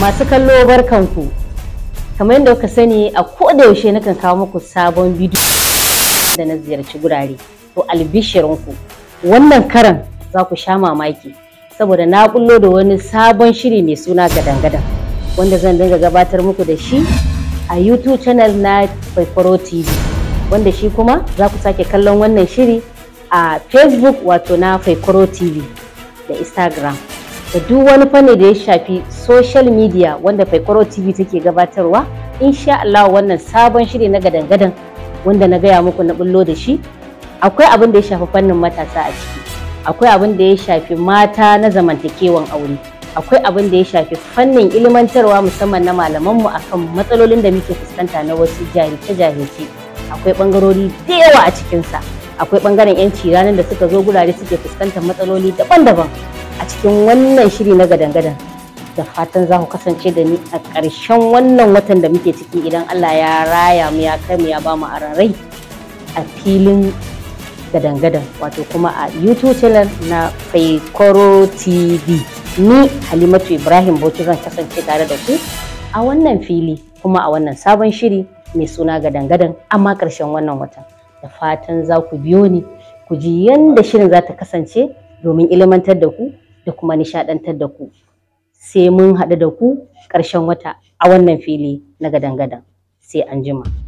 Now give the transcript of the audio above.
masu kallo barkanku kamar yadda kuka sani a koda yaushe kan kawo muku sabon bidiyo da na ziyarci gurare to albishirinku wannan karan za ku sha mamaki saboda na kullo da wani sabon shiri mai suna gadan-gadan wanda zan dinga gabatar muku da shi a youtube channel na faifaro tv wanda shi kuma za ku sake kallon wannan shiri a facebook wato na faifaro tv da instagram da duk wani fanni da ya shafi social media wanda Faikoro TV take gabatarwa insha Allah wannan sabon shiri na gadan-gadan wanda na gaya muku na bullo da shi akwai abin da ya shafi fannin matasa a ciki akwai abin da ya shafi mata na zamantakewan aure akwai abin da ya shafi fannin ilmantarwa musamman na malaman mu akan matsalolin da muke fuskanta na wasu jarirce-jarirce akwai bangarori da yawa a cikinsa akwai bangaren 'yanci ranar da suka zo gurare suke fuskantar matsaloli daban-daban a cikin wannan shiri na gadan da fatan za ku kasance da ni a ƙarshen wannan watan da muke ciki idan Allah ya raya mu ya kai mu ya ba mu ararai a filin gadan wato kuma a YouTube channel na Faikoro TV ni Halimatu Ibrahim Bauchi zan kasance tare da ku a wannan fili kuma a wannan sabon shiri mai suna gadan-gadan amma ƙarshen wannan watan da fatan za ku biyo ni ku ji yanda shirin za ta kasance domin ilimantar da ku da kuma nishadantar da ku sai mun haɗu da ku ƙarshen wata a wannan fili na gadan-gadan sai an jima.